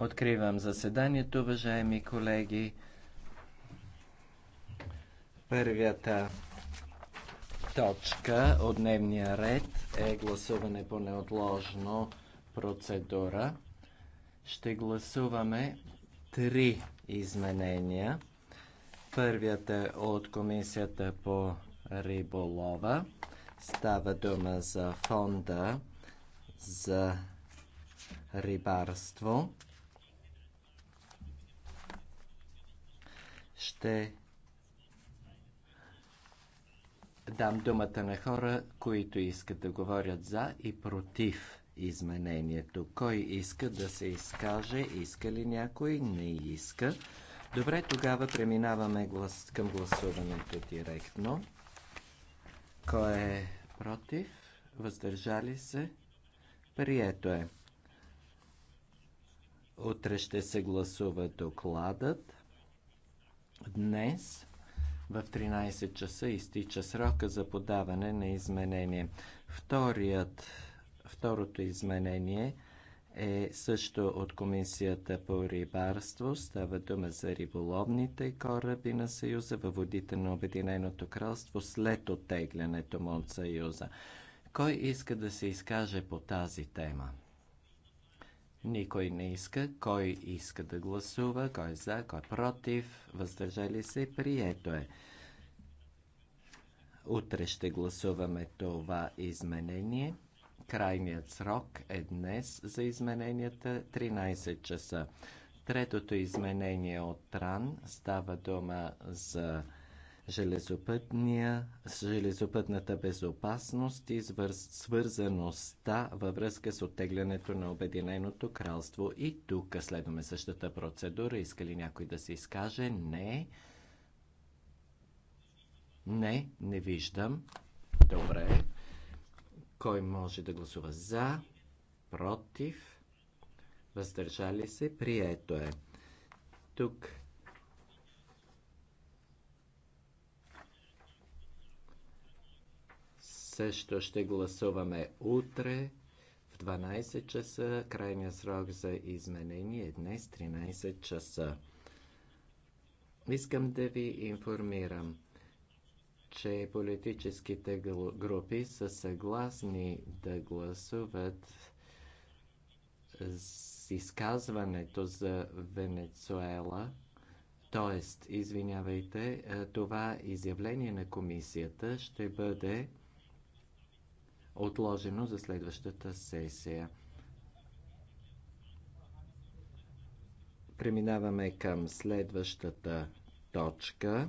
Откривам заседанието, уважаеми колеги. Първата точка от дневния ред е гласуване по неотложно процедура. Ще гласуваме три изменения. Първият е от Комисията по риболова. Става дума за фонда за рибарство. Ще дам думата на хора, които искат да говорят за и против изменението. Кой иска да се изкаже? Иска ли някой? Не иска. Добре, тогава преминаваме глас... към гласуването директно. Кой е против? Въздържали се? Прието е. Утре ще се гласува докладът. Днес в 13 часа изтича срока за подаване на изменение. Вторият, второто изменение е също от Комисията по рибарство. Става дума за риболовните кораби на Съюза във водите на Обединеното кралство след оттеглянето му от Съюза. Кой иска да се изкаже по тази тема? Никой не иска. Кой иска да гласува? Кой е за? Кой е против? Въздържали се? Прието е. Утре ще гласуваме това изменение. Крайният срок е днес за измененията 13 часа. Третото изменение от Тран става дума за железопътната безопасност и свързаността във връзка с оттеглянето на Обединеното кралство. И тук следваме същата процедура. Иска ли някой да се изкаже? Не. Не, не виждам. Добре. Кой може да гласува за? Против? Въздържали се? Прието е. Тук също ще гласуваме утре в 12 часа. Крайният срок за изменение е днес 13 часа. Искам да ви информирам, че политическите групи са съгласни да гласуват с изказването за Венецуела Тоест, извинявайте, е, това изявление на комисията ще бъде отложено за следващата сесия. Преминаваме към следващата точка.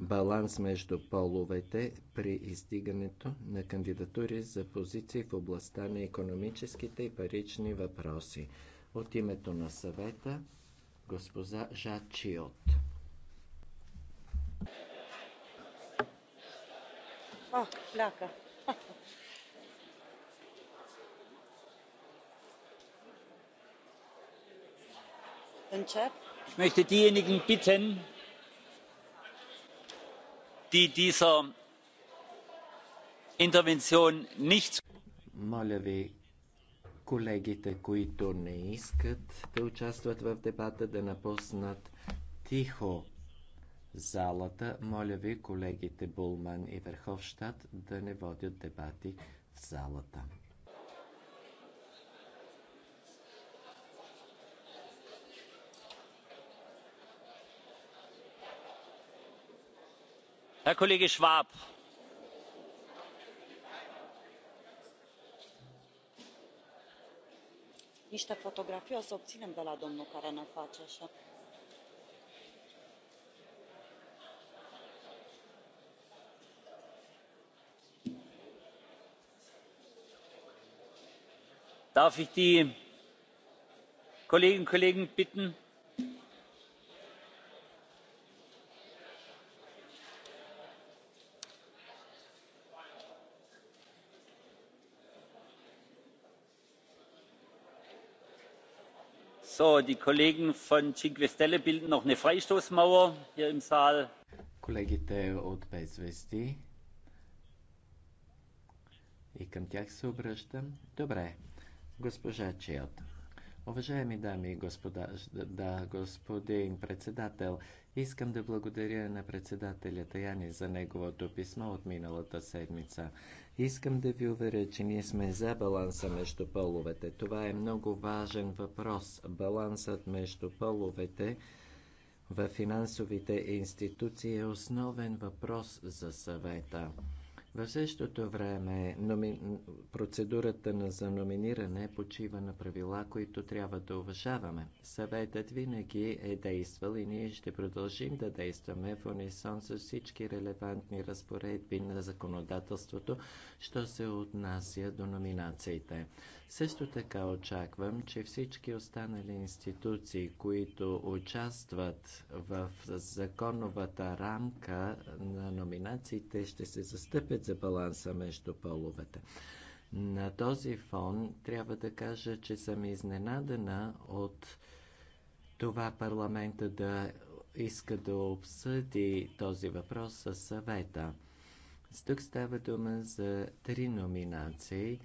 Баланс между половете при издигането на кандидатури за позиции в областта на економическите и парични въпроси. От името на съвета госпожа Жа Чиот. А, ляка. ich möchte diejenigen bitten die dieser intervention nicht. Моля ви, колегите, които не искат да участват в дебата, да напуснат тихо залата. Моля ви, колегите Булман и Верховщад да не водят дебати в залата. herr kollege schwab! darf ich die kolleginnen und kollegen bitten die Kollegen von Cinque Stelle bilden noch eine Freistoßmauer hier im Saal. Колегите от Без и към тях се обръщам. Добре, госпожа Чиота. Уважаеми дами и господа, да, господин председател, искам да благодаря на председателя Таяни за неговото писмо от миналата седмица. Искам да ви уверя, че ние сме за баланса между половете. Това е много важен въпрос. Балансът между половете в финансовите институции е основен въпрос за съвета. В същото време номи... процедурата на за номиниране почива на правила, които трябва да уважаваме. Съветът винаги е действал и ние ще продължим да действаме в унисон с всички релевантни разпоредби на законодателството, що се отнася до номинациите. Също така очаквам, че всички останали институции, които участват в законовата рамка на номинациите, ще се застъпят говорят за баланса между половете. На този фон трябва да кажа, че съм изненадана от това парламента да иска да обсъди този въпрос със съвета. С тук става дума за три номинации,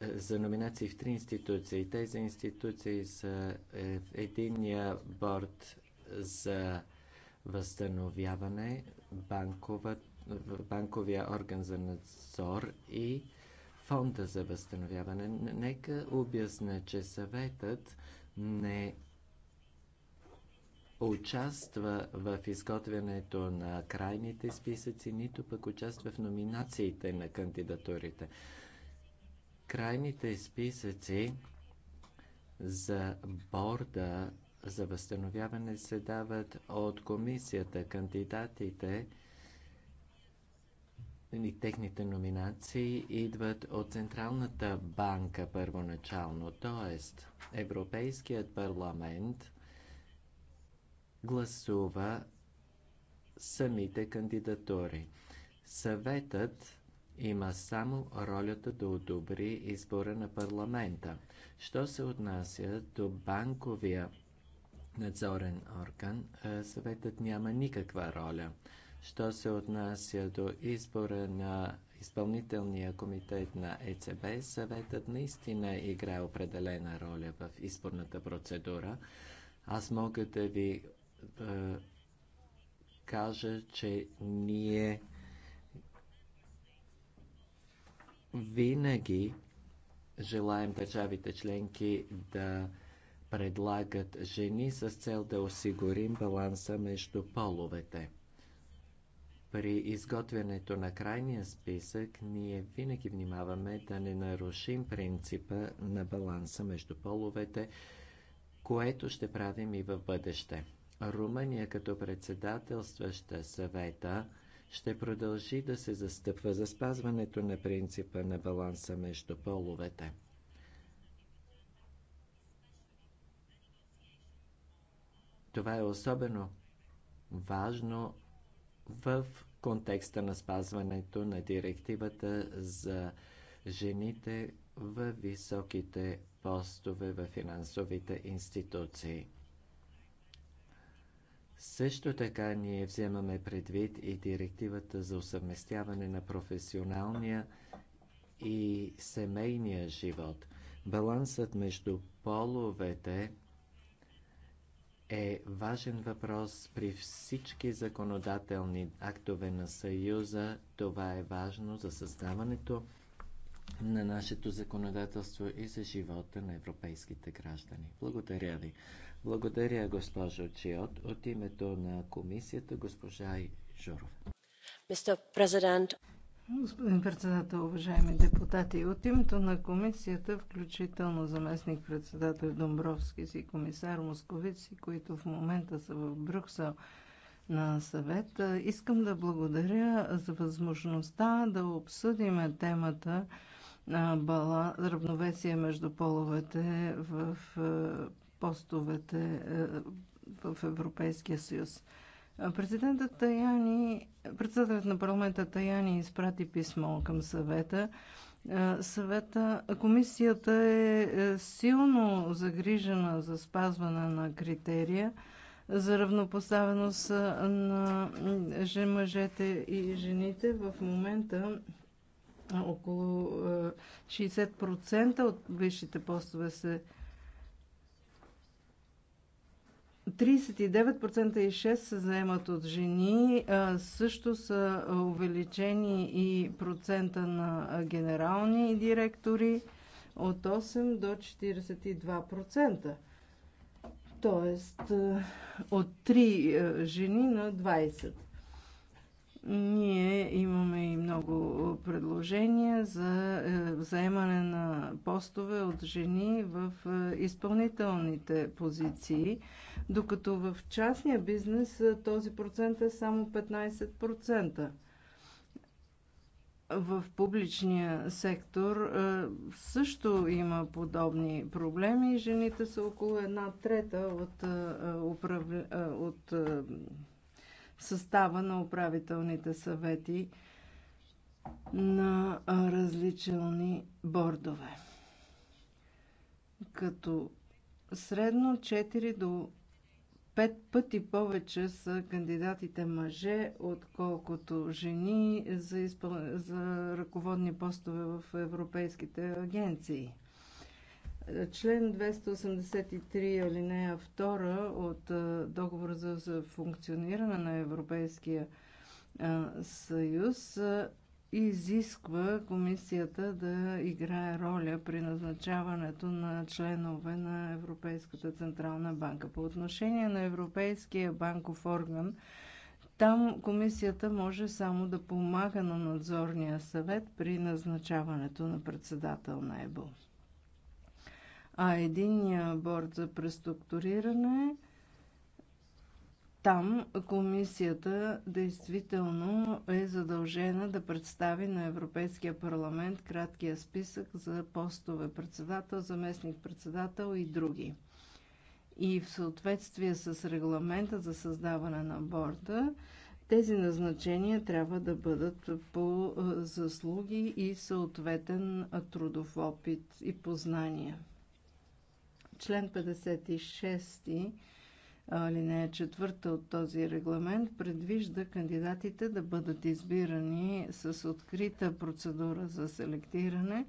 за номинации в три институции. Тези институции са е, единия борт за възстановяване, банковата банковия орган за надзор и фонда за възстановяване. Нека обясня, че съветът не участва в изготвянето на крайните списъци, нито пък участва в номинациите на кандидатурите. Крайните списъци за борда за възстановяване се дават от комисията. Кандидатите и нали, техните номинации идват от Централната банка първоначално, т.е. Европейският парламент гласува самите кандидатури. Съветът има само ролята да одобри избора на парламента. Що се отнася до банковия надзорен орган, съветът няма никаква роля. Що се отнася до избора на изпълнителния комитет на ЕЦБ, съветът наистина играе определена роля в изборната процедура. Аз мога да ви е, кажа, че ние винаги желаем държавите членки да предлагат жени с цел да осигурим баланса между половете. При изготвянето на крайния списък ние винаги внимаваме да не нарушим принципа на баланса между половете, което ще правим и в бъдеще. Румъния като председателстваща съвета ще продължи да се застъпва за спазването на принципа на баланса между половете. Това е особено важно в контекста на спазването на директивата за жените в високите постове в финансовите институции. Също така ние вземаме предвид и директивата за усъвместяване на професионалния и семейния живот. Балансът между половете – е важен въпрос при всички законодателни актове на Съюза. Това е важно за създаването на нашето законодателство и за живота на европейските граждани. Благодаря ви. Благодаря, госпожо Чиот. От името на комисията, госпожа президент. Господин председател, уважаеми депутати, от името на комисията, включително заместник председател Домбровски си и комисар Московици, които в момента са в Брюксел на съвет, искам да благодаря за възможността да обсъдиме темата на бала, равновесие между половете в е, постовете е, в Европейския съюз. Президентът Таяни, председателят на парламента Таяни изпрати писмо към съвета. Е, съвета, комисията е, е силно загрижена за спазване на критерия за равнопоставеност е, на мъжете и жените. В момента около 60% от висшите постове се 39% и 6 се заемат от жени, също са увеличени и процента на генерални директори от 8 до 42%. Тоест от 3 жени на 20. Ние имаме и много предложения за е, заемане на постове от жени в е, изпълнителните позиции докато в частния бизнес този процент е само 15%. В публичния сектор също има подобни проблеми. Жените са около една трета от, от състава на управителните съвети на различни бордове. Като средно 4 до пет пъти повече са кандидатите мъже, отколкото жени за, изпъл... за ръководни постове в европейските агенции. Член 283 алинея 2 от Договор за функциониране на Европейския съюз изисква комисията да играе роля при назначаването на членове на Европейската Централна банка. По отношение на Европейския банков орган, там комисията може само да помага на надзорния съвет при назначаването на председател на ЕБО. А единния борт за преструктуриране там комисията действително е задължена да представи на Европейския парламент краткия списък за постове председател, заместник председател и други. И в съответствие с регламента за създаване на борда, тези назначения трябва да бъдат по заслуги и съответен трудов опит и познания. Член 56 Алинея четвърта от този регламент предвижда кандидатите да бъдат избирани с открита процедура за селектиране,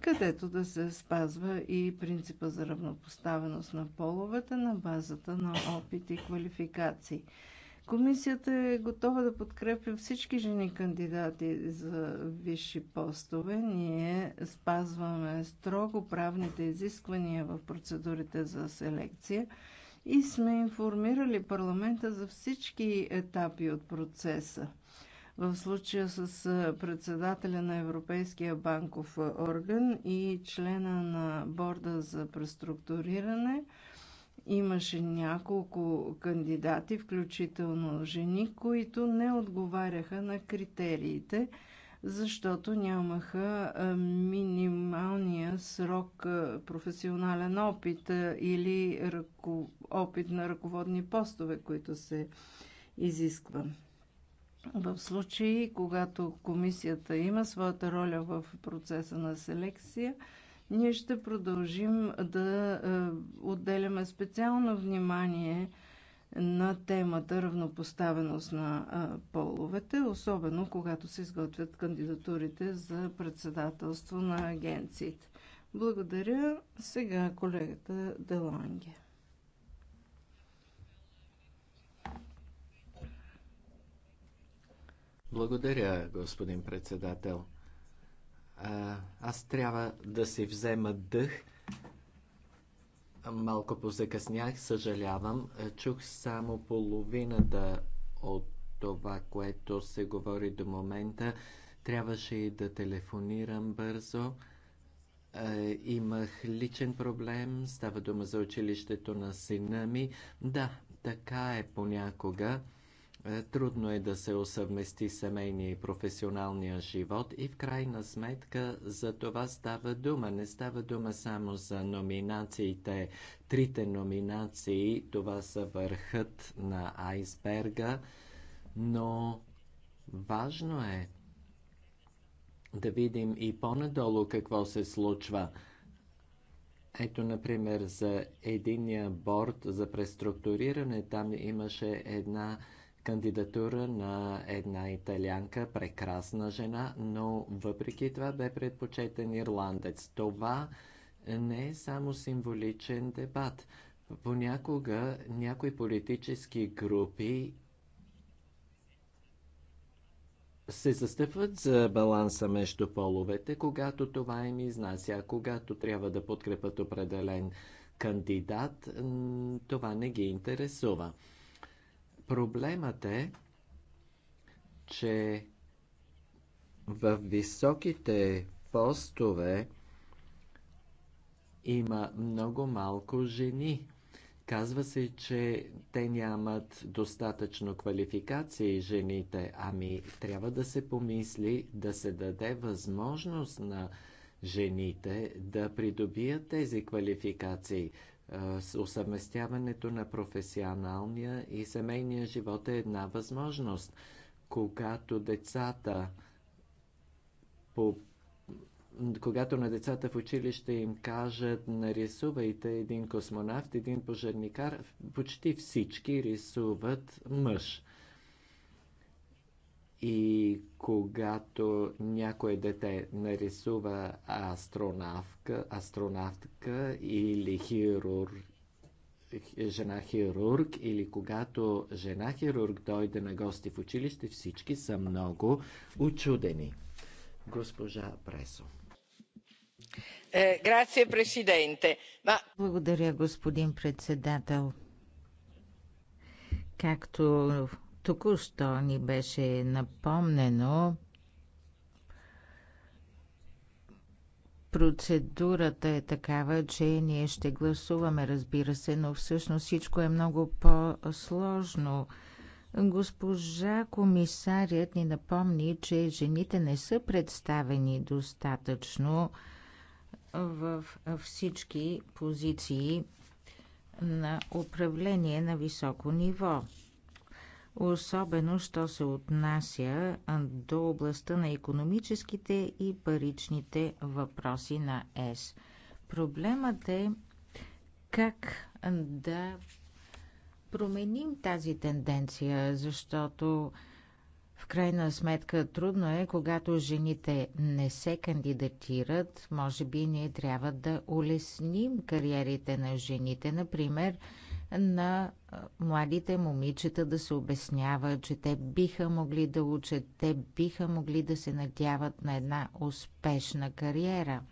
където да се спазва и принципа за равнопоставеност на половете на базата на опит и квалификации. Комисията е готова да подкрепя всички жени кандидати за висши постове. Ние спазваме строго правните изисквания в процедурите за селекция – и сме информирали парламента за всички етапи от процеса. В случая с председателя на Европейския банков орган и члена на борда за преструктуриране имаше няколко кандидати, включително жени, които не отговаряха на критериите – защото нямаха минималния срок професионален опит или опит на ръководни постове, които се изисква. В случаи, когато комисията има своята роля в процеса на селекция, ние ще продължим да отделяме специално внимание на темата равнопоставеност на половете, особено когато се изготвят кандидатурите за председателство на агенциите. Благодаря. Сега колегата Деланге. Благодаря, господин председател. А, аз трябва да си взема дъх Малко позакъснях, съжалявам. Е, чух само половината от това, което се говори до момента. Трябваше и да телефонирам бързо. Е, имах личен проблем. Става дума за училището на сина ми. Да, така е понякога. Е, трудно е да се усъвмести семейния и професионалния живот и в крайна сметка за това става дума. Не става дума само за номинациите. Трите номинации, това са върхът на айсберга, но важно е да видим и по-надолу какво се случва. Ето, например, за единия борт за преструктуриране, там имаше една кандидатура на една италианка, прекрасна жена, но въпреки това бе предпочетен ирландец. Това не е само символичен дебат. Понякога някои политически групи се застъпват за баланса между половете, когато това им изнася, а когато трябва да подкрепят определен кандидат, това не ги интересува. Проблемът е, че в високите постове има много малко жени. Казва се, че те нямат достатъчно квалификации жените. Ами трябва да се помисли да се даде възможност на жените да придобият тези квалификации. Усъвместяването на професионалния и семейния живот е една възможност. Когато децата по когато на децата в училище им кажат нарисувайте един космонавт, един пожарникар, почти всички рисуват мъж. И когато някое дете нарисува астронавка, астронавтка или хирург, жена хирург или когато жена хирург дойде на гости в училище, всички са много очудени. Госпожа Пресо. Е, Благодаря, господин председател. Както Току-що ни беше напомнено Процедурата е такава, че ние ще гласуваме, разбира се, но всъщност всичко е много по-сложно. Госпожа комисарият ни напомни, че жените не са представени достатъчно в всички позиции на управление на високо ниво особено що се отнася до областта на економическите и паричните въпроси на ЕС. Проблемът е как да променим тази тенденция, защото в крайна сметка трудно е, когато жените не се кандидатират, може би ние трябва да улесним кариерите на жените. Например, на младите момичета да се обяснява, че те биха могли да учат, те биха могли да се надяват на една успешна кариера.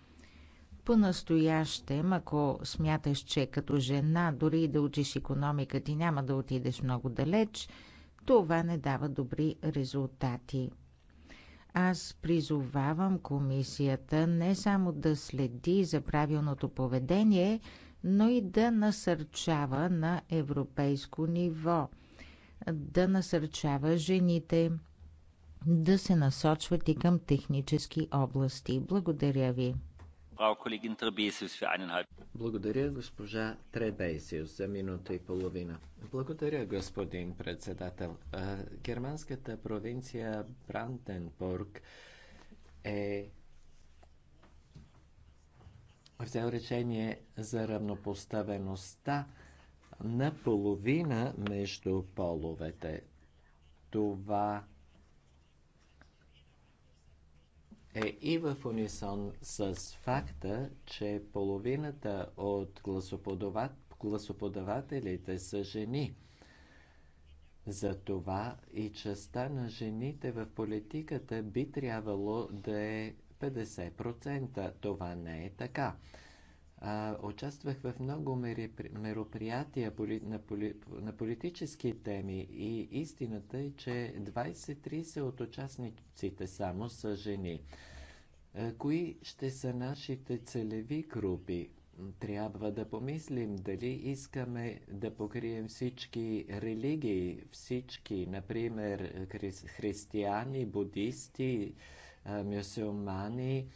По-настоящем, ако смяташ, че като жена, дори и да учиш економика, ти няма да отидеш много далеч, това не дава добри резултати. Аз призовавам комисията не само да следи за правилното поведение, но и да насърчава на европейско ниво, да насърчава жените да се насочват и към технически области. Благодаря ви. Благодаря, госпожа Требейсиус, за минута и половина. Благодаря, господин председател. Германската провинция Бранденбург е взел решение за равнопоставеността на половина между половете. Това е и в унисон с факта, че половината от гласоподават, гласоподавателите са жени. Затова и частта на жените в политиката би трябвало да е 50%. Това не е така. А, участвах в много мероприятия на, поли, на политически теми и истината е, че 20-30 от участниците само са жени. А, кои ще са нашите целеви групи? Трябва да помислим дали искаме да покрием всички религии, всички, например, хри, християни, будисти, мюсюлмани,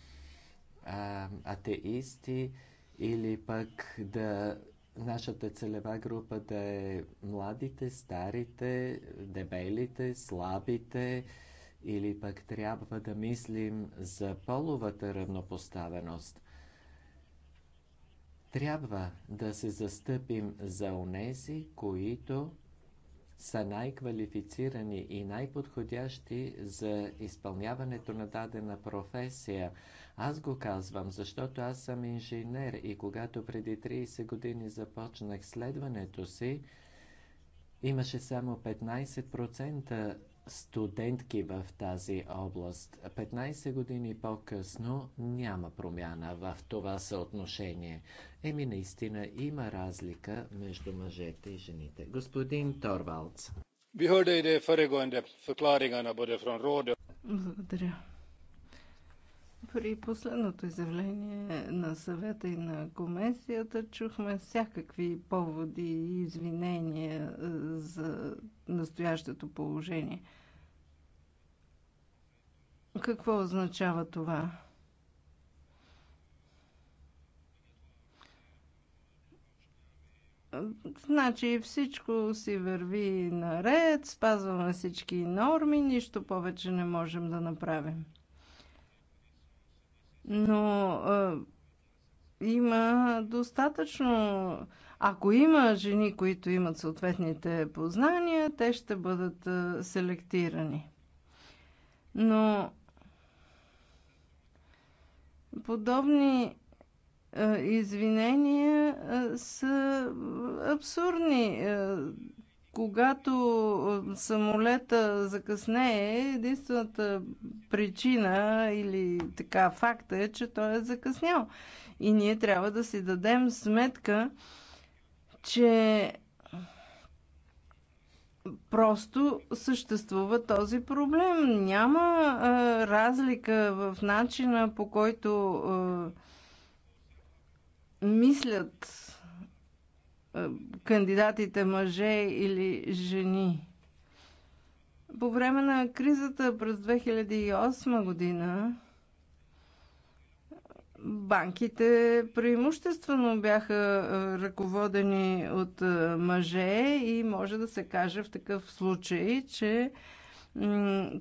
атеисти или пък да нашата целева група да е младите, старите, дебелите, слабите или пък трябва да мислим за половата равнопоставеност. Трябва да се застъпим за онези, които са най-квалифицирани и най-подходящи за изпълняването на дадена професия. Аз го казвам, защото аз съм инженер и когато преди 30 години започнах следването си, имаше само 15% студентки в тази област. 15 години по-късно няма промяна в това съотношение. Еми наистина има разлика между мъжете и жените. Господин Торвалц. Благодаря. При последното изявление на съвета и на комисията чухме всякакви поводи и извинения е, за настоящото положение. Какво означава това? Значи всичко си върви наред, спазваме всички норми, нищо повече не можем да направим но има достатъчно. Ако има жени, които имат съответните познания, те ще бъдат селектирани. Но подобни извинения са абсурдни. Когато самолета закъснее, единствената причина или така факта е, че той е закъснял. И ние трябва да си дадем сметка, че просто съществува този проблем. Няма а, разлика в начина по който а, мислят е, кандидатите мъже или жени. По време на кризата през 2008 година банките преимуществено бяха е, ръководени от е, мъже и може да се каже в такъв случай, че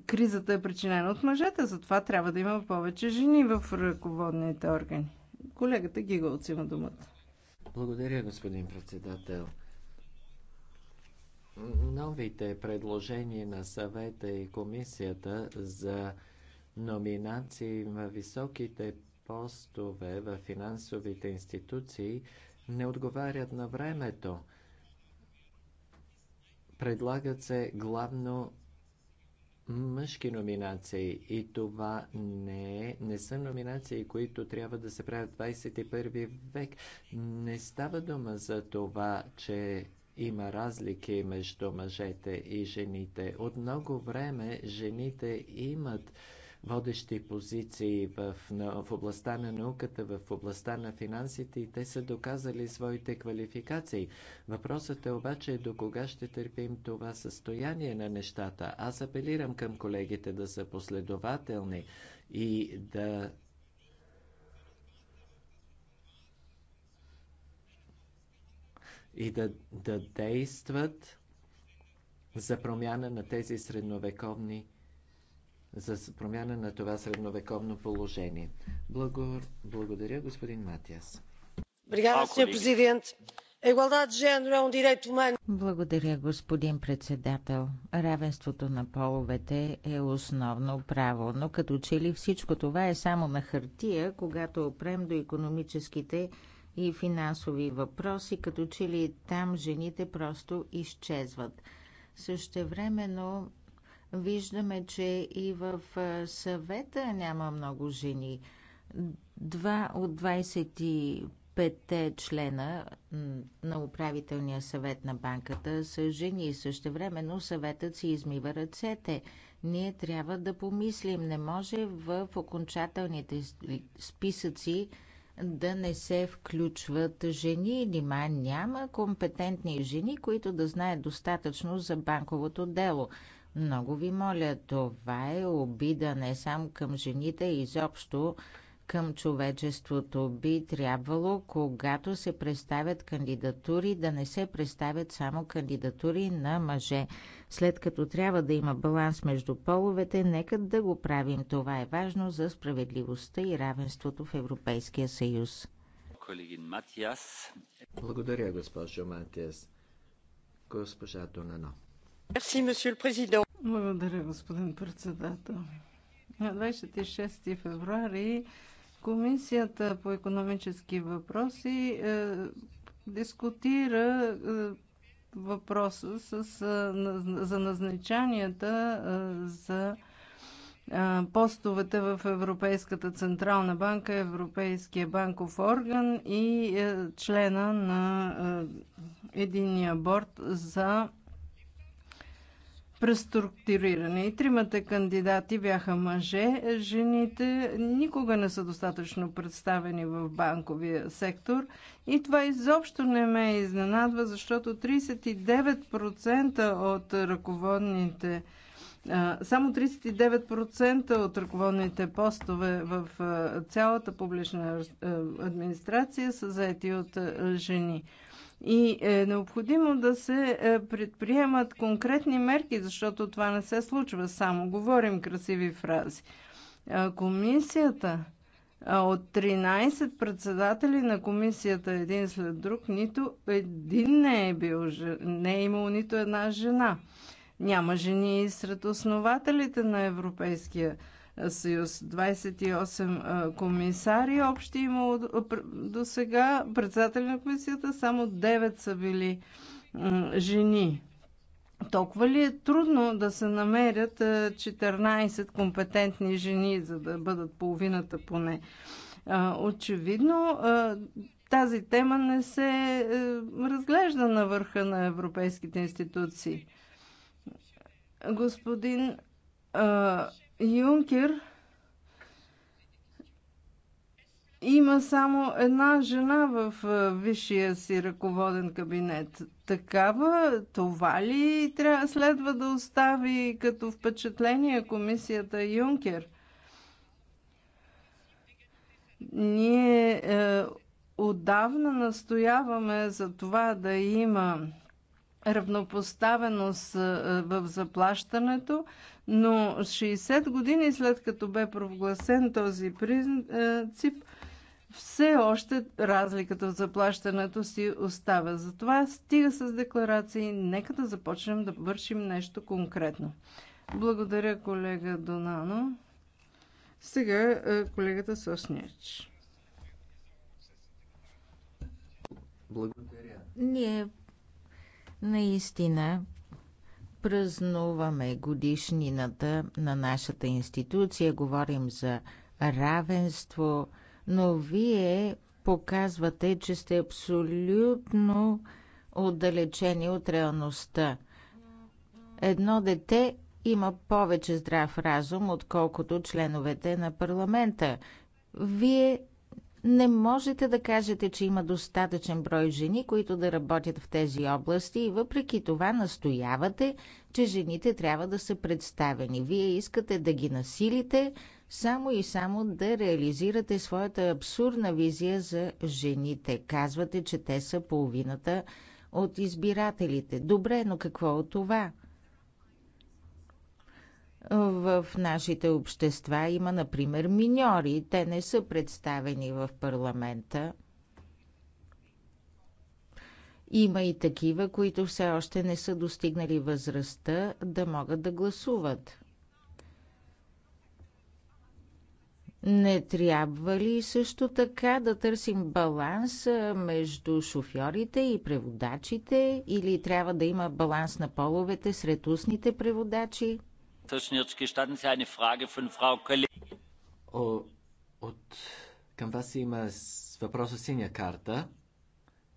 кризата е причинена от мъжете, затова трябва да има повече жени в ръководните органи. Колегата Гигалц има думата. Благодаря, господин председател. Новите предложения на съвета и комисията за номинации на високите постове в финансовите институции не отговарят на времето. Предлагат се главно мъжки номинации и това не, е, не са номинации, които трябва да се правят в 21 век. Не става дума за това, че има разлики между мъжете и жените. От много време жените имат водещи позиции в, на, в областта на науката, в областта на финансите и те са доказали своите квалификации. Въпросът е обаче до кога ще търпим това състояние на нещата. Аз апелирам към колегите да са последователни и да и да, да действат за промяна на тези средновековни за промяна на това средновековно положение. Благодаря, господин Матиас. Е благодаря, господин председател. Равенството на половете е основно право, но като че ли всичко това е само на хартия, когато опрем до економическите и финансови въпроси, като че ли там жените просто изчезват. Също времено. Виждаме, че и в съвета няма много жени. Два от 25-те члена на управителния съвет на банката са жени и същевременно съветът си измива ръцете. Ние трябва да помислим. Не може в окончателните списъци да не се включват жени. Нима няма компетентни жени, които да знаят достатъчно за банковото дело. Много ви моля, това е обида не само към жените, изобщо към човечеството. Би трябвало, когато се представят кандидатури, да не се представят само кандидатури на мъже. След като трябва да има баланс между половете, нека да го правим. Това е важно за справедливостта и равенството в Европейския съюз. Благодаря, госпожо Матиас. Госпожа Донано. Благодаря, господин председател. На 26 февруари Комисията по економически въпроси е, дискутира е, въпроса с, е, за назначанията е, за е, постовете в Европейската Централна банка, Европейския банков орган и е, члена на е, единия борт за преструктуриране. И тримата кандидати бяха мъже. Жените никога не са достатъчно представени в банковия сектор. И това изобщо не ме изненадва, защото 39% от ръководните само 39% от ръководните постове в цялата публична администрация са заети от жени и е необходимо да се е, предприемат конкретни мерки, защото това не се случва само. Говорим красиви фрази. Е, комисията е, от 13 председатели на комисията един след друг, нито един не е бил, не е имал нито една жена. Няма жени и сред основателите на Европейския съюз. 28 комисари общи има до сега. Председатели на комисията само 9 са били жени. Толкова ли е трудно да се намерят 14 компетентни жени, за да бъдат половината поне? Очевидно, тази тема не се е, разглежда на върха на европейските институции. Господин Юнкер има само една жена в висшия си ръководен кабинет. Такава, това ли трябва, следва да остави като впечатление комисията Юнкер? Ние е, отдавна настояваме за това да има равнопоставеност е, в заплащането, но 60 години след като бе провгласен този принцип, все още разликата в заплащането си остава. Затова стига с декларации, нека да започнем да вършим нещо конкретно. Благодаря, колега Донано. Сега е, колегата Соснич. Благодаря. Ние наистина Празнуваме годишнината на нашата институция, говорим за равенство, но вие показвате, че сте абсолютно отдалечени от реалността. Едно дете има повече здрав разум, отколкото членовете на парламента. Вие не можете да кажете, че има достатъчен брой жени, които да работят в тези области и въпреки това настоявате, че жените трябва да са представени. Вие искате да ги насилите, само и само да реализирате своята абсурдна визия за жените. Казвате, че те са половината от избирателите. Добре, но какво от това? В нашите общества има, например, миньори. Те не са представени в парламента. Има и такива, които все още не са достигнали възрастта да могат да гласуват. Не трябва ли също така да търсим баланс между шофьорите и преводачите или трябва да има баланс на половете сред устните преводачи? към вас има въпрос синя карта.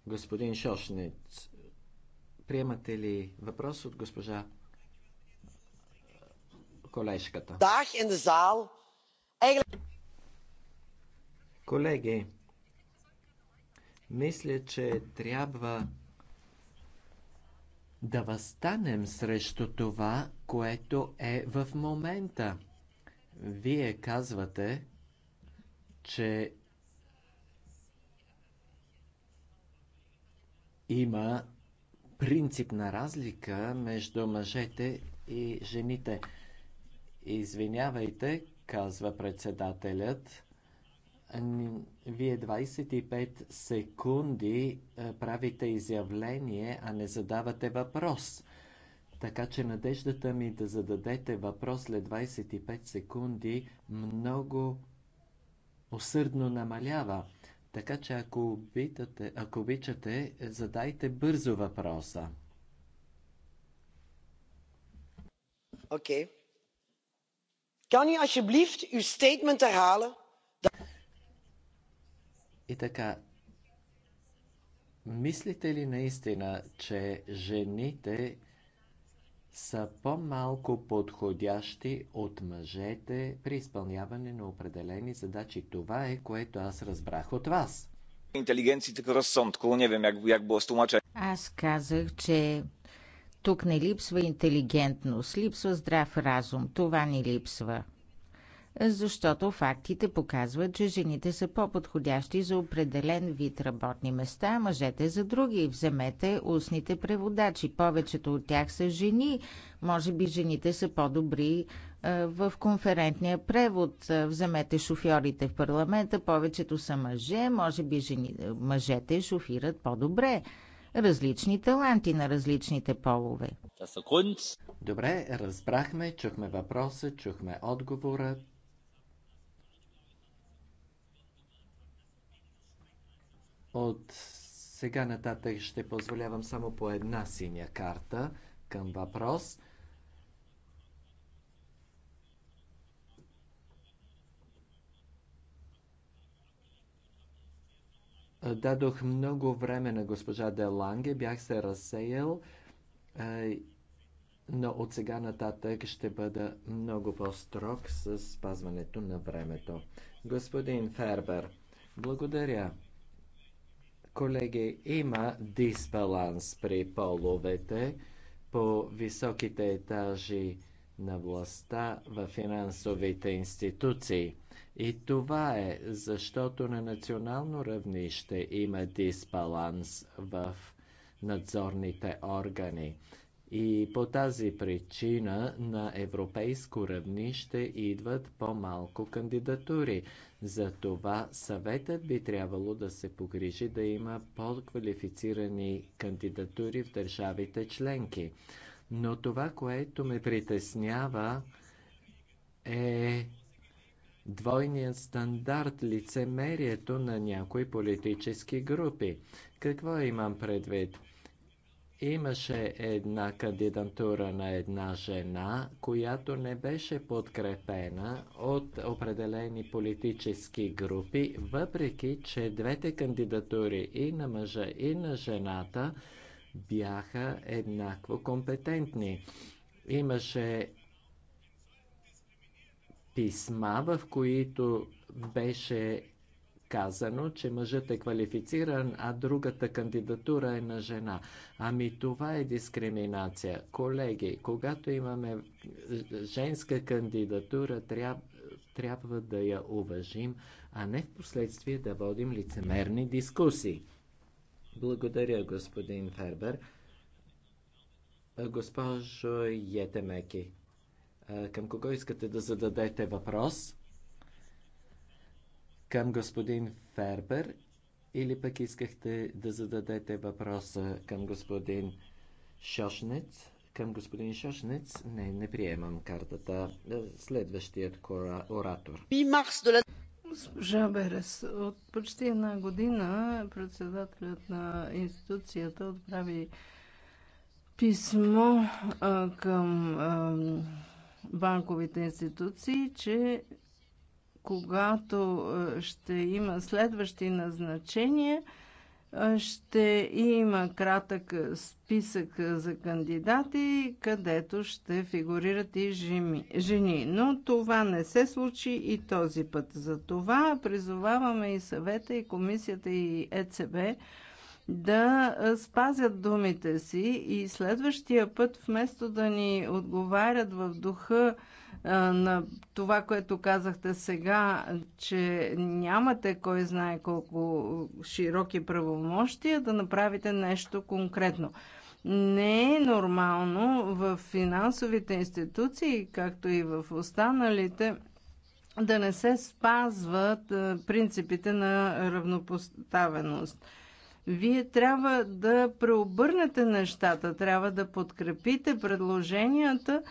Господин Шошниц, приемате ли въпрос от госпожа колежката? Дах in zaal. Колеги, мисля, че трябва да възстанем срещу това което е в момента. Вие казвате, че има принципна разлика между мъжете и жените. Извинявайте, казва председателят. Вие 25 секунди е, правите изявление, а не задавате въпрос. Така че надеждата ми да зададете въпрос след 25 секунди много усърдно намалява. Така че ако, обитате, ако обичате, задайте бързо въпроса. Окей. Okay. alsjeblieft uw statement herhalen? И така, мислите ли наистина, че жените са по-малко подходящи от мъжете при изпълняване на определени задачи. Това е което аз разбрах от вас. Интелигенцията към не знам стомача. Аз казах, че тук не липсва интелигентност, липсва здрав разум. Това ни липсва защото фактите показват, че жените са по-подходящи за определен вид работни места, а мъжете за други. Вземете устните преводачи. Повечето от тях са жени. Може би жените са по-добри е, в конферентния превод. Е, вземете шофьорите в парламента. Повечето са мъже. Може би жени, е, мъжете шофират по-добре различни таланти на различните полове. Добре, разбрахме, чухме въпроса, чухме отговора. От сега нататък ще позволявам само по една синя карта към въпрос. Дадох много време на госпожа Деланге, бях се разсеял, но от сега нататък ще бъда много по-строг с спазването на времето. Господин Фербер, благодаря. Колеги, има дисбаланс при половете по високите етажи на властта в финансовите институции. И това е защото на национално равнище има дисбаланс в надзорните органи. И по тази причина на европейско равнище идват по-малко кандидатури. За това съветът би трябвало да се погрижи да има по-квалифицирани кандидатури в държавите членки. Но това, което ме притеснява е двойният стандарт, лицемерието на някои политически групи. Какво имам предвид? Имаше една кандидатура на една жена, която не беше подкрепена от определени политически групи, въпреки че двете кандидатури и на мъжа и на жената бяха еднакво компетентни. Имаше писма, в които беше казано, че мъжът е квалифициран, а другата кандидатура е на жена. Ами това е дискриминация. Колеги, когато имаме женска кандидатура, трябва, трябва да я уважим, а не в последствие да водим лицемерни дискусии. Благодаря, господин Фербер. Госпожо Етемеки, към кого искате да зададете въпрос? към господин Фербер или пък искахте да зададете въпроса към господин Шошнец? Към господин Шошнец? Не, не приемам картата. Следващият оратор. Госпожа Берес, от почти една година председателят на институцията отправи писмо а, към а, банковите институции, че когато е, ще има следващи назначения, е, ще има кратък е, списък за кандидати, където ще фигурират и жени. Но това не се случи и този път. За това призоваваме и съвета, и комисията, и ЕЦБ да спазят думите си и следващия път, вместо да ни отговарят в духа на това, което казахте сега, че нямате кой знае колко широки правомощия да направите нещо конкретно. Не е нормално в финансовите институции, както и в останалите, да не се спазват принципите на равнопоставеност. Вие трябва да преобърнете нещата, трябва да подкрепите предложенията,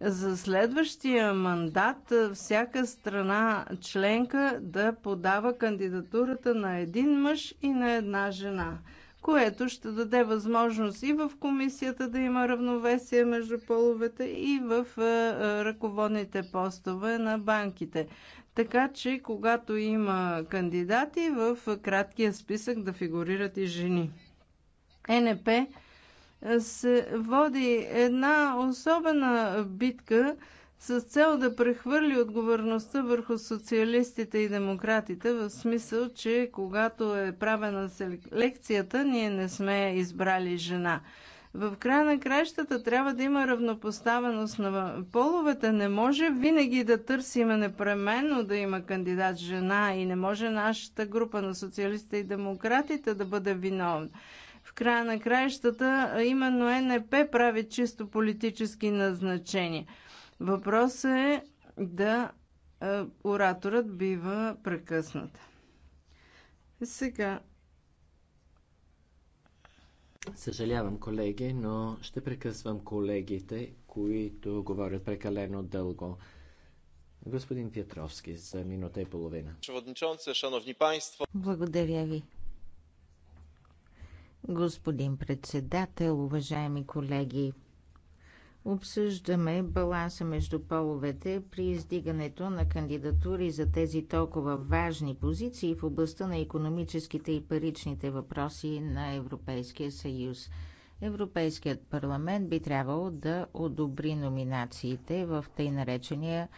за следващия мандат всяка страна членка да подава кандидатурата на един мъж и на една жена, което ще даде възможност и в комисията да има равновесие между половете и в ръководните постове на банките. Така че, когато има кандидати, в краткия списък да фигурират и жени. Е, НП се води една особена битка с цел да прехвърли отговорността върху социалистите и демократите, в смисъл, че когато е правена селекцията, ние не сме избрали жена. В края на кращата трябва да има равнопоставеност на половете. Не може винаги да търсиме непременно да има кандидат жена и не може нашата група на социалистите и демократите да бъде виновна края на краищата именно НП прави чисто политически назначения. Въпросът е да ораторът бива прекъснат. Сега. Съжалявам, колеги, но ще прекъсвам колегите, които говорят прекалено дълго. Господин Петровски за минута и половина. Благодаря ви. Господин председател, уважаеми колеги, обсъждаме баланса между половете при издигането на кандидатури за тези толкова важни позиции в областта на економическите и паричните въпроси на Европейския съюз. Европейският парламент би трябвало да одобри номинациите в тъй наречения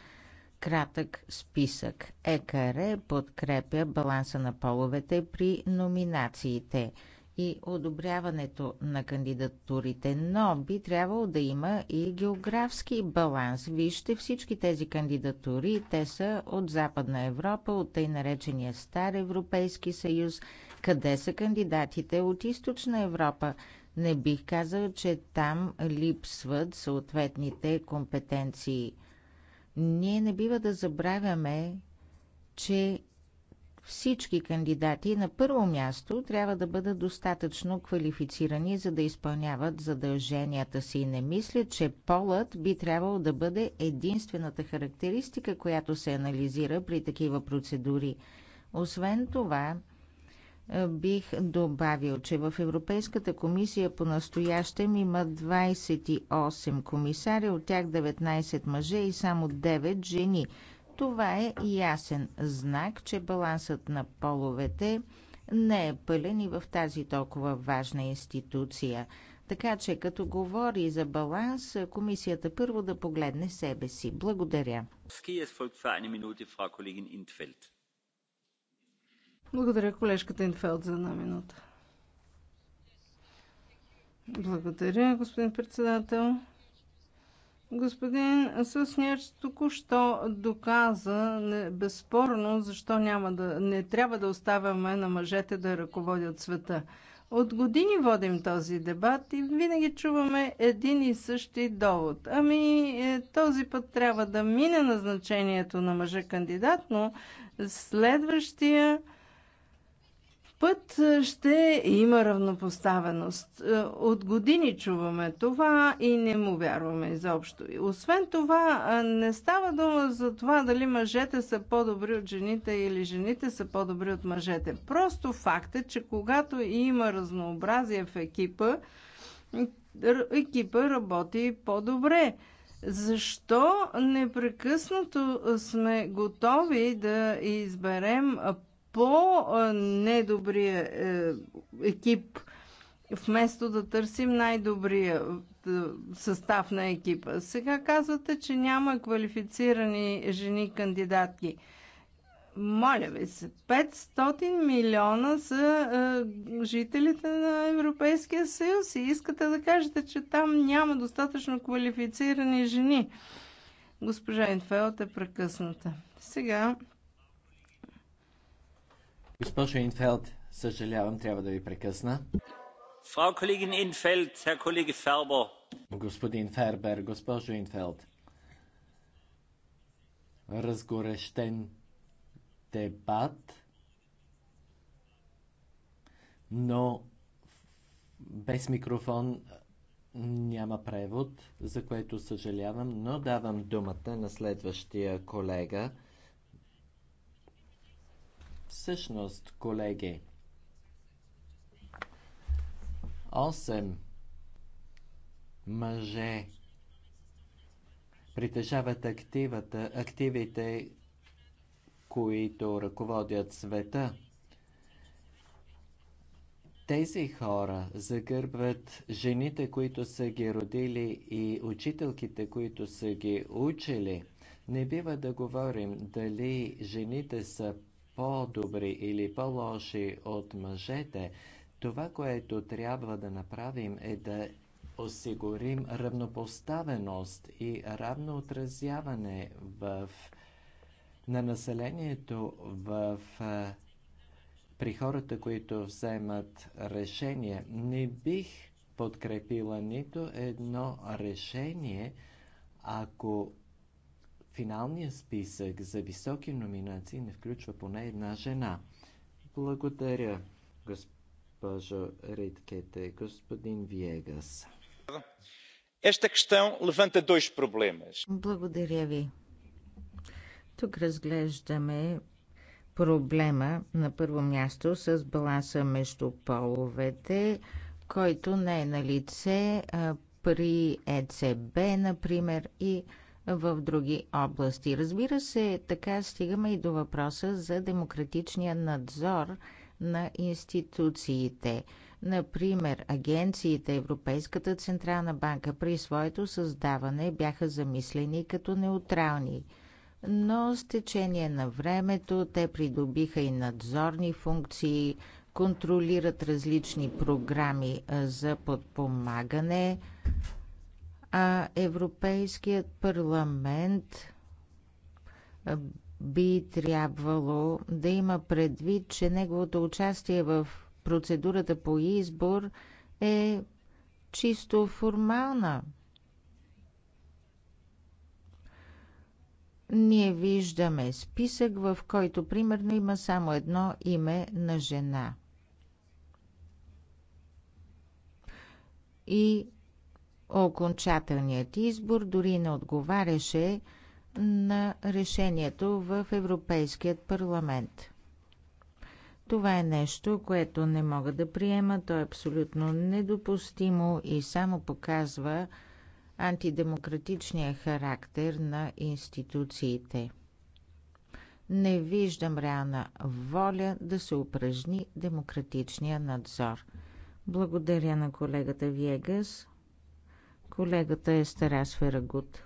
кратък списък. ЕКР подкрепя баланса на половете при номинациите – и одобряването на кандидатурите, но би трябвало да има и географски баланс. Вижте всички тези кандидатури, те са от Западна Европа, от тъй наречения Стар Европейски съюз. Къде са кандидатите от Източна Европа? Не бих казал, че там липсват съответните компетенции. Ние не бива да забравяме, че всички кандидати на първо място трябва да бъдат достатъчно квалифицирани, за да изпълняват задълженията си. Не мисля, че полът би трябвало да бъде единствената характеристика, която се анализира при такива процедури. Освен това, е, бих добавил, че в Европейската комисия по настоящем има 28 комисари от тях 19 мъже и само 9 жени. Това е ясен знак, че балансът на половете не е пълен и в тази толкова важна институция. Така че, като говори за баланс, комисията първо да погледне себе си. Благодаря. Е Благодаря, колежката Инфелд, за една минута. Благодаря, господин председател. Господин Съснер току-що доказа безспорно защо няма да, не трябва да оставяме на мъжете да ръководят света. От години водим този дебат и винаги чуваме един и същи довод. Ами, е, този път трябва да мине назначението на мъжа кандидат, но следващия път е, ще има равнопоставеност. Е, от години чуваме това и не му вярваме изобщо. Освен това, е, не става дума за това дали мъжете са по-добри от жените или жените са по-добри от мъжете. Просто факт е, че когато има разнообразие в екипа, екипа работи по-добре. Защо непрекъснато сме готови да изберем по-недобрия е, екип, вместо да търсим най-добрия е, състав на екипа. Сега казвате, че няма квалифицирани жени кандидатки. Моля ви се, 500 милиона са е, жителите на Европейския съюз и искате да кажете, че там няма достатъчно квалифицирани жени. Госпожа Инфелт е прекъсната. Сега Госпожо Инфелд, съжалявам, трябва да ви прекъсна. Фрау колегин Инфелд, хер колеги Фербер. Господин Фербер, госпожо Инфелд. Разгорещен дебат, но без микрофон няма превод, за което съжалявам, но давам думата на следващия колега. Всъщност, колеги, 8 мъже притежават активата, активите, които ръководят света. Тези хора загърбват жените, които са ги родили и учителките, които са ги учили. Не бива да говорим дали жените са по-добри или по-лоши от мъжете, това, което трябва да направим е да осигурим равнопоставеност и равно отразяване в, на населението в, при хората, които вземат решение. Не бих подкрепила нито едно решение, ако финалният списък за високи номинации не включва поне една жена. Благодаря, госпожо Риткете, господин Виегас. Благодаря ви. Тук разглеждаме проблема на първо място с баланса между половете, който не е на лице при ЕЦБ, например, и в други области. Разбира се, така стигаме и до въпроса за демократичния надзор на институциите. Например, агенциите Европейската Централна банка при своето създаване бяха замислени като неутрални. Но с течение на времето те придобиха и надзорни функции, контролират различни програми за подпомагане, а Европейският парламент би трябвало да има предвид, че неговото участие в процедурата по избор е чисто формална. Ние виждаме списък, в който примерно има само едно име на жена. И Окончателният избор дори не отговаряше на решението в Европейският парламент. Това е нещо, което не мога да приема, то е абсолютно недопустимо и само показва антидемократичния характер на институциите. Не виждам реална воля да се упражни демократичния надзор. Благодаря на колегата Виегас. Колегата е Старас Ферагут.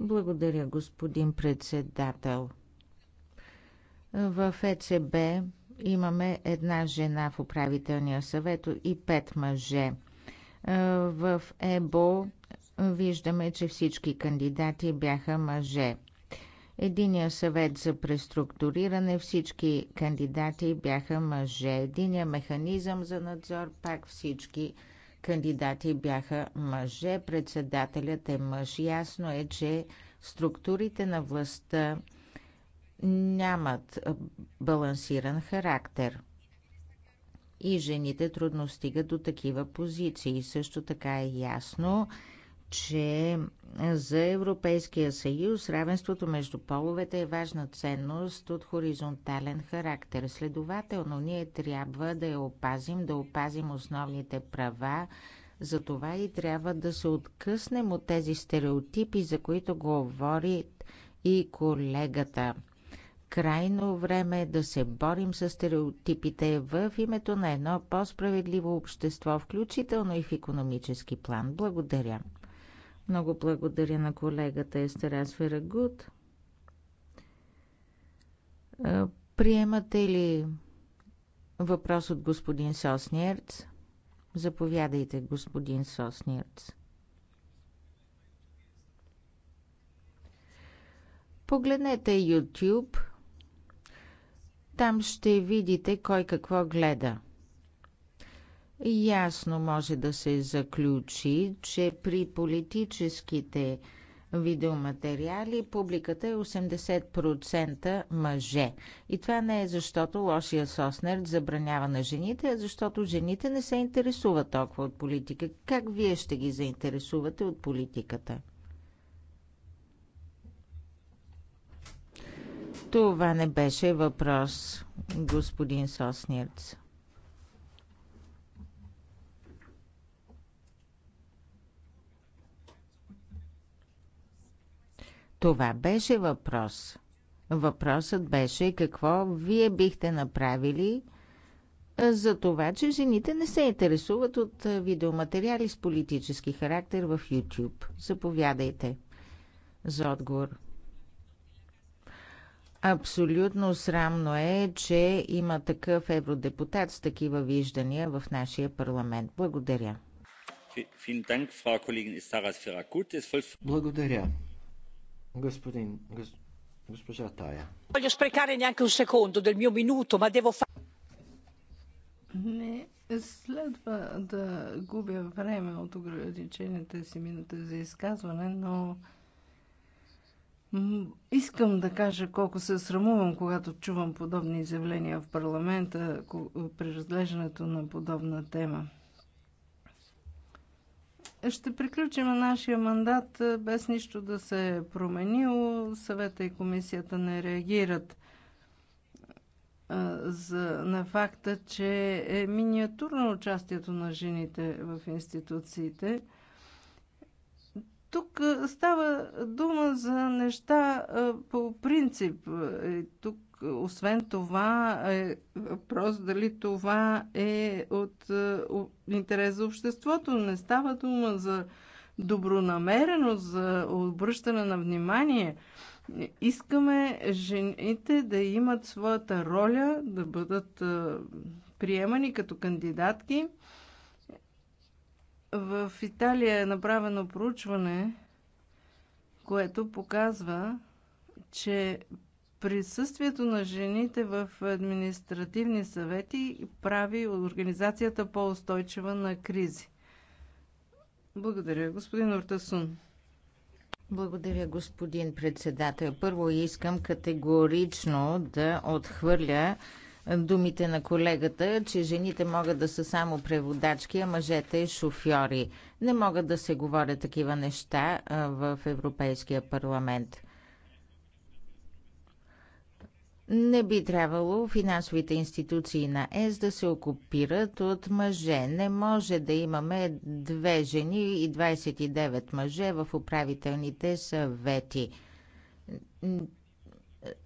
Благодаря, господин председател. В ЕЦБ имаме една жена в управителния съвет и пет мъже. В ЕБО виждаме, че всички кандидати бяха мъже. Единия съвет за преструктуриране, всички кандидати бяха мъже. Единия механизъм за надзор, пак всички мъже кандидати бяха мъже, председателят е мъж. Ясно е, че структурите на властта нямат балансиран характер. И жените трудно стигат до такива позиции. Също така е ясно, че за Европейския съюз равенството между половете е важна ценност от хоризонтален характер. Следователно, ние трябва да я опазим, да опазим основните права, затова и трябва да се откъснем от тези стереотипи, за които говори и колегата. Крайно време е да се борим с стереотипите в името на едно по-справедливо общество, включително и в економически план. Благодаря. Много благодаря на колегата Естерас Ферагут. Приемате ли въпрос от господин Соснерц? Заповядайте, господин Соснерц. Погледнете YouTube. Там ще видите кой какво гледа. Ясно може да се заключи, че при политическите видеоматериали публиката е 80% мъже. И това не е защото лошия Соснер забранява на жените, а защото жените не се интересуват толкова от политика. Как вие ще ги заинтересувате от политиката? Това не беше въпрос, господин Соснерц. Това беше въпрос. Въпросът беше какво вие бихте направили за това, че жените не се интересуват от видеоматериали с политически характер в YouTube. Заповядайте за отговор. Абсолютно срамно е, че има такъв евродепутат с такива виждания в нашия парламент. Благодаря. Е, Благодаря. Господин, госпожа Тая. Не следва да губя време от ограничените си минути за изказване, но Искам да кажа колко се срамувам, когато чувам подобни изявления в парламента при разглеждането на подобна тема. Ще приключим нашия мандат без нищо да се е променило. Съвета и комисията не реагират за, на факта, че е миниатурно участието на жените в институциите. Тук става дума за неща по принцип. Тук освен това, е въпрос дали това е от е, интерес за обществото. Не става дума за добронамереност, за обръщане на внимание. Искаме жените да имат своята роля, да бъдат е, приемани като кандидатки. В Италия е направено проучване, което показва, че Присъствието на жените в административни съвети прави организацията по-устойчива на кризи. Благодаря, господин Ортасун. Благодаря, господин председател. Първо искам категорично да отхвърля думите на колегата, че жените могат да са само преводачки, а мъжете и шофьори. Не могат да се говорят такива неща в Европейския парламент. Не би трябвало финансовите институции на ЕС да се окупират от мъже. Не може да имаме две жени и 29 мъже в управителните съвети.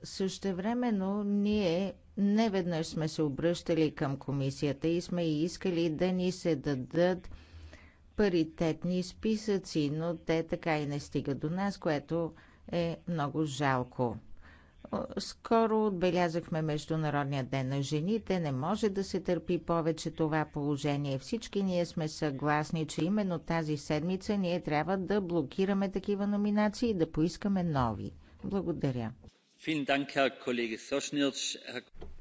Същевременно ние неведнъж сме се обръщали към комисията и сме искали да ни се дадат паритетни списъци, но те така и не стигат до нас, което е много жалко. Скоро отбелязахме Международния ден на жените. Не може да се търпи повече това положение. Всички ние сме съгласни, че именно тази седмица ние трябва да блокираме такива номинации и да поискаме нови. Благодаря.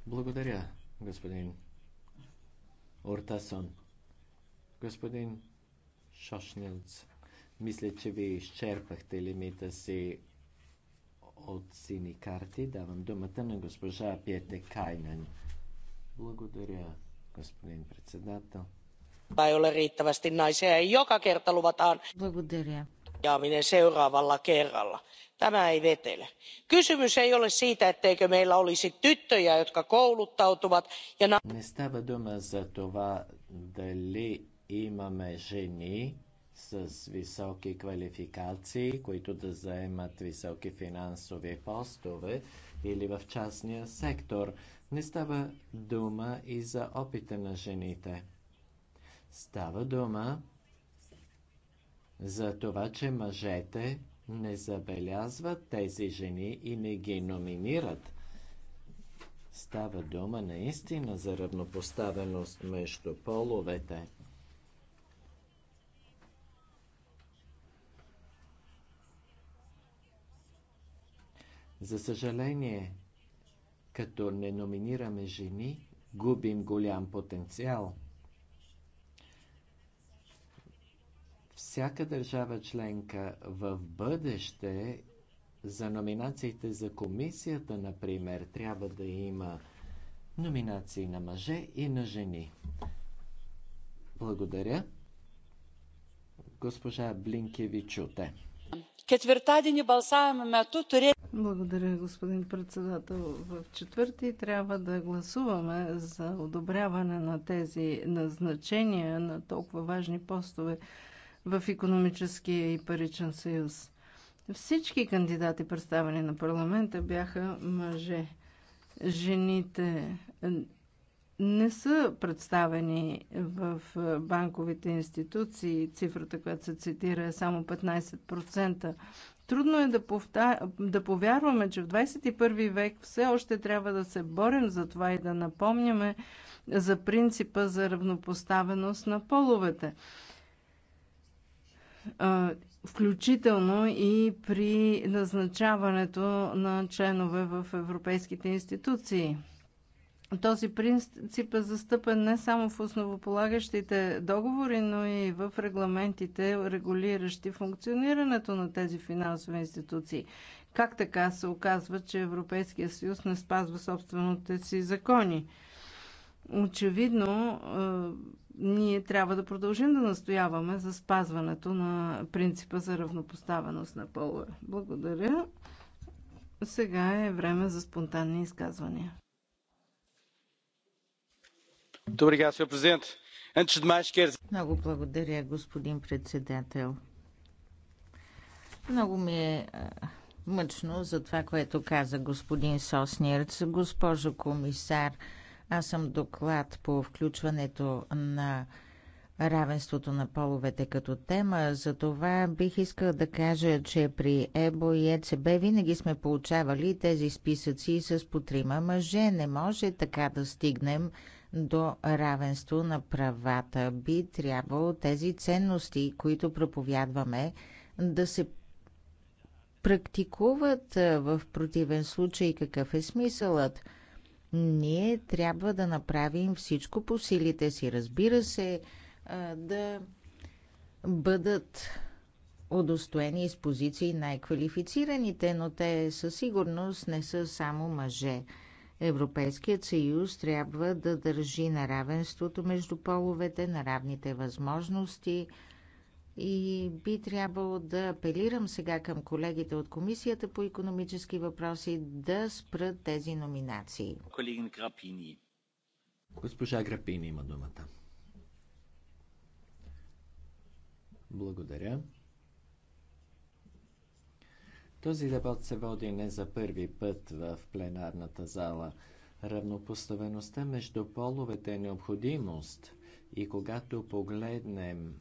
Благодаря, господин Ортасон. Господин Шошнилц, мисля, че ви изчерпахте лимита си от сини карти. Давам думата на госпожа Пиете Кайнен. Благодаря, господин председател. Ei ole riittävästi naisia, ei joka kerta luvataan Благодаря. jaaminen seuraavalla kerralla. Tämä ei vetele. Kysymys ei ole siitä, etteikö meillä olisi tyttöjä, jotka kouluttautuvat ja... Не става дума за това дали имаме жени, с високи квалификации, които да заемат високи финансови постове или в частния сектор. Не става дума и за опита на жените. Става дума за това, че мъжете не забелязват тези жени и не ги номинират. Става дума наистина за равнопоставеност между половете. За съжаление, като не номинираме жени, губим голям потенциал. Всяка държава членка в бъдеще за номинациите за комисията, например, трябва да има номинации на мъже и на жени. Благодаря. Госпожа Блинкевичуте. Ketvirtadienį балсаваме мето, благодаря, господин председател. В четвърти трябва да гласуваме за одобряване на тези назначения на толкова важни постове в економическия и паричен съюз. Всички кандидати, представени на парламента, бяха мъже. Жените не са представени в банковите институции. Цифрата, която се цитира, е само 15%. Трудно е да, повта... да повярваме, че в 21 век все още трябва да се борим за това и да напомняме за принципа за равнопоставеност на половете. Включително и при назначаването на членове в европейските институции. Този принцип е застъпен не само в основополагащите договори, но и в регламентите, регулиращи функционирането на тези финансови институции. Как така се оказва, че Европейския съюз не спазва собствените си закони? Очевидно, е, ние трябва да продължим да настояваме за спазването на принципа за равнопоставеност на пола. Благодаря. Сега е време за спонтанни изказвания. Много благодаря, господин председател. Много ми е мъчно за това, което каза господин Соснирц. Госпожо комисар, аз съм доклад по включването на равенството на половете като тема. За това бих искал да кажа, че при ЕБО и ЕЦБ винаги сме получавали тези списъци с по трима мъже. Не може така да стигнем до равенство на правата. Би трябвало тези ценности, които проповядваме, да се практикуват. В противен случай какъв е смисълът? Ние трябва да направим всичко по силите си, разбира се, да бъдат удостоени с позиции най-квалифицираните, но те със сигурност не са само мъже. Европейският съюз трябва да държи на равенството между половете, на равните възможности и би трябвало да апелирам сега към колегите от Комисията по економически въпроси да спрат тези номинации. Колегин Грапини. Госпожа Грапини има думата. Благодаря. Този дебат се води не за първи път в пленарната зала. Равнопоставеността между половете е необходимост и когато погледнем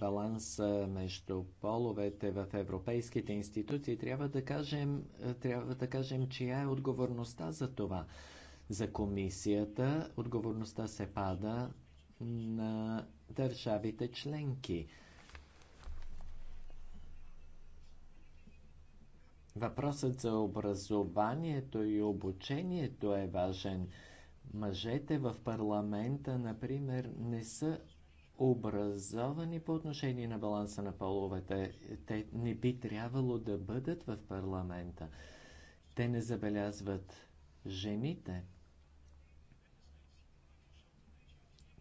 баланса между половете в европейските институции, трябва да кажем, трябва да кажем чия е отговорността за това. За комисията отговорността се пада на държавите членки. Въпросът за образованието и обучението е важен. Мъжете в парламента, например, не са образовани по отношение на баланса на половете. Те не би трябвало да бъдат в парламента. Те не забелязват жените.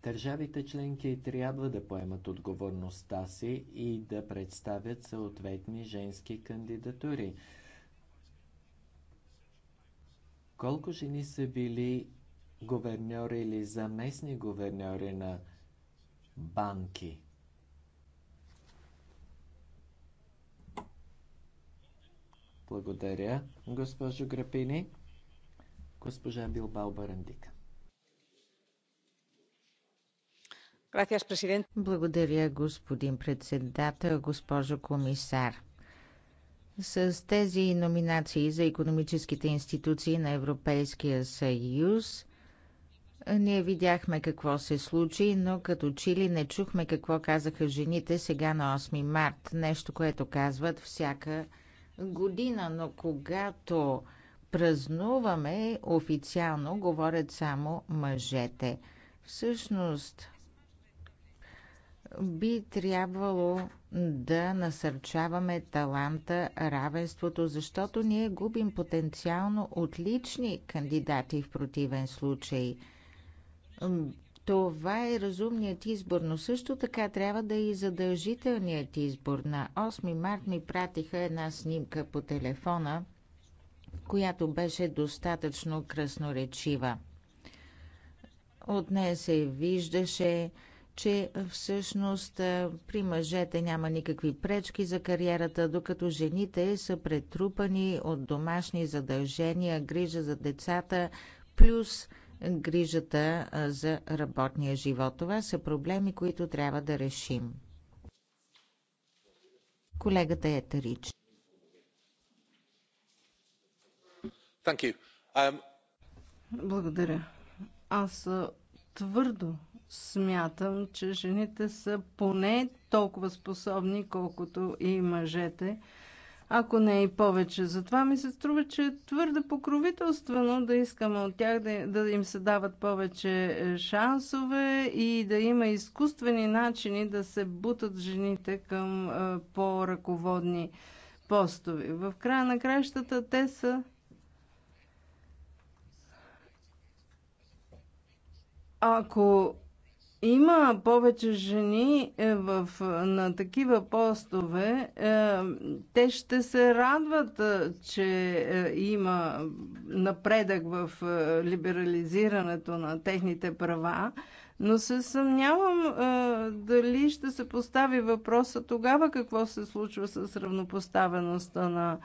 Държавите членки трябва да поемат отговорността си и да представят съответни женски кандидатури. Колко жени са били гуверньори или заместник гуверньори на банки? Благодаря, госпожо Грапини. Госпожа Билбао Барандика. Благодаря, господин председател, госпожо комисар. С тези номинации за економическите институции на Европейския съюз ние видяхме какво се случи, но като че ли не чухме какво казаха жените сега на 8 март. Нещо, което казват всяка година, но когато празнуваме официално, говорят само мъжете. Всъщност, би трябвало да насърчаваме таланта, равенството, защото ние губим потенциално отлични кандидати в противен случай. Това е разумният избор, но също така трябва да е и задължителният избор. На 8 март ми пратиха една снимка по телефона, която беше достатъчно красноречива. От нея се виждаше че всъщност при мъжете няма никакви пречки за кариерата, докато жените са претрупани от домашни задължения, грижа за децата, плюс грижата за работния живот. Това са проблеми, които трябва да решим. Колегата е Тарич. Um, Благодаря. Аз твърдо смятам, че жените са поне толкова способни, колкото и мъжете, ако не и повече. Затова ми се струва, че е твърде покровителствено да искаме от тях да, да им се дават повече е, шансове и да има изкуствени начини да се бутат жените към е, по-ръководни постове. В края на кращата те са ако има повече жени е, в, на такива постове, е, те ще се радват, е, че има напредък в либерализирането на техните права, но се съмнявам дали ще се постави въпроса тогава какво се случва с равнопоставеността на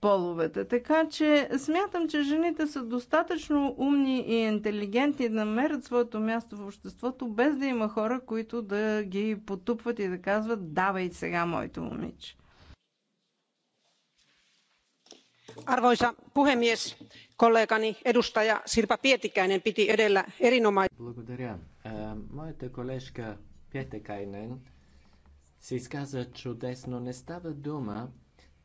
половете. Така че смятам, че жените са достатъчно умни и интелигентни да намерят своето място в обществото, без да има хора, които да ги потупват и да казват давай сега, моето момиче. arvoisa puhemies kollegani edustaja sirpa pietikäinen piti edellä erinomaisen. Е, моята колежка Петекайнен се изказа чудесно. Не става дума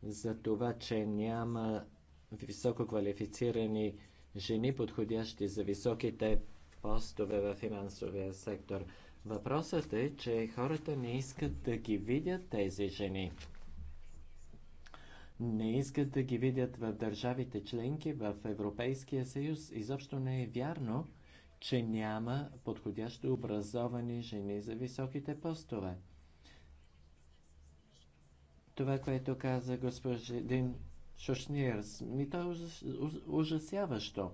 за това, че няма висококвалифицирани жени, подходящи за високите постове в финансовия сектор. Въпросът е, че хората не искат да ги видят тези жени. Не искат да ги видят в държавите членки, в Европейския съюз. Изобщо не е вярно, че няма подходящо образовани жени за високите постове. Това, което каза господин Шошниерс, ми то е ужасяващо.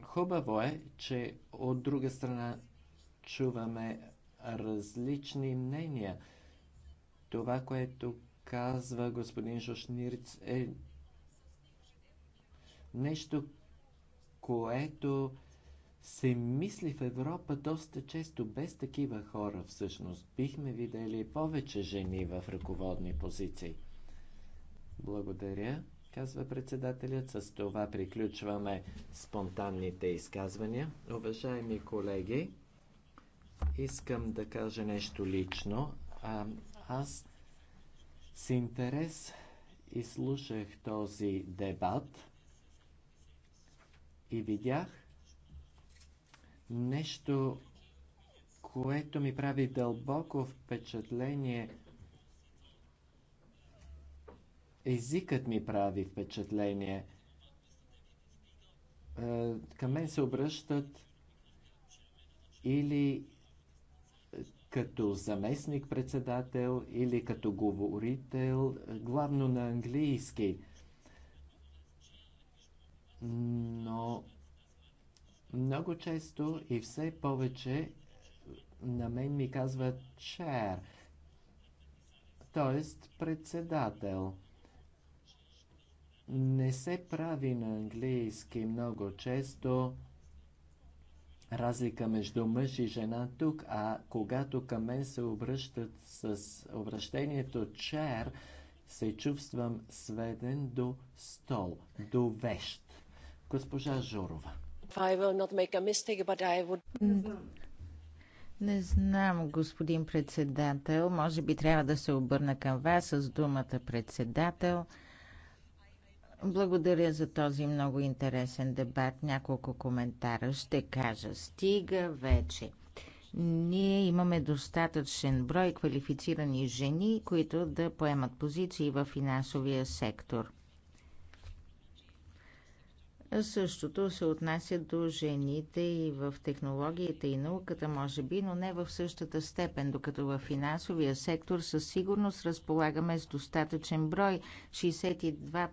Хубаво е, че от друга страна чуваме различни мнения. Това, което казва господин Шошнирц е нещо, което се мисли в Европа доста често без такива хора всъщност. Бихме видели повече жени в ръководни позиции. Благодаря, казва председателят. С това приключваме спонтанните изказвания. Уважаеми колеги, искам да кажа нещо лично. А, аз с интерес изслушах този дебат и видях, Нещо, което ми прави дълбоко впечатление. Езикът ми прави впечатление. Е, към мен се обръщат или като заместник-председател или като говорител, главно на английски. Но много често и все повече е, на мен ми казват chair, т.е. председател. Не се прави на английски много често разлика между мъж и жена тук, а когато към мен се обръщат с обращението chair, се чувствам сведен до стол, до вещ. Госпожа Жорова. Не знам, господин председател. Може би трябва да се обърна към вас с думата председател. Благодаря за този много интересен дебат. Няколко коментара ще кажа. Стига вече. Ние имаме достатъчен брой квалифицирани жени, които да поемат позиции в финансовия сектор. Същото се отнася до жените и в технологията и науката, може би, но не в същата степен, докато в финансовия сектор със сигурност разполагаме с достатъчен брой 62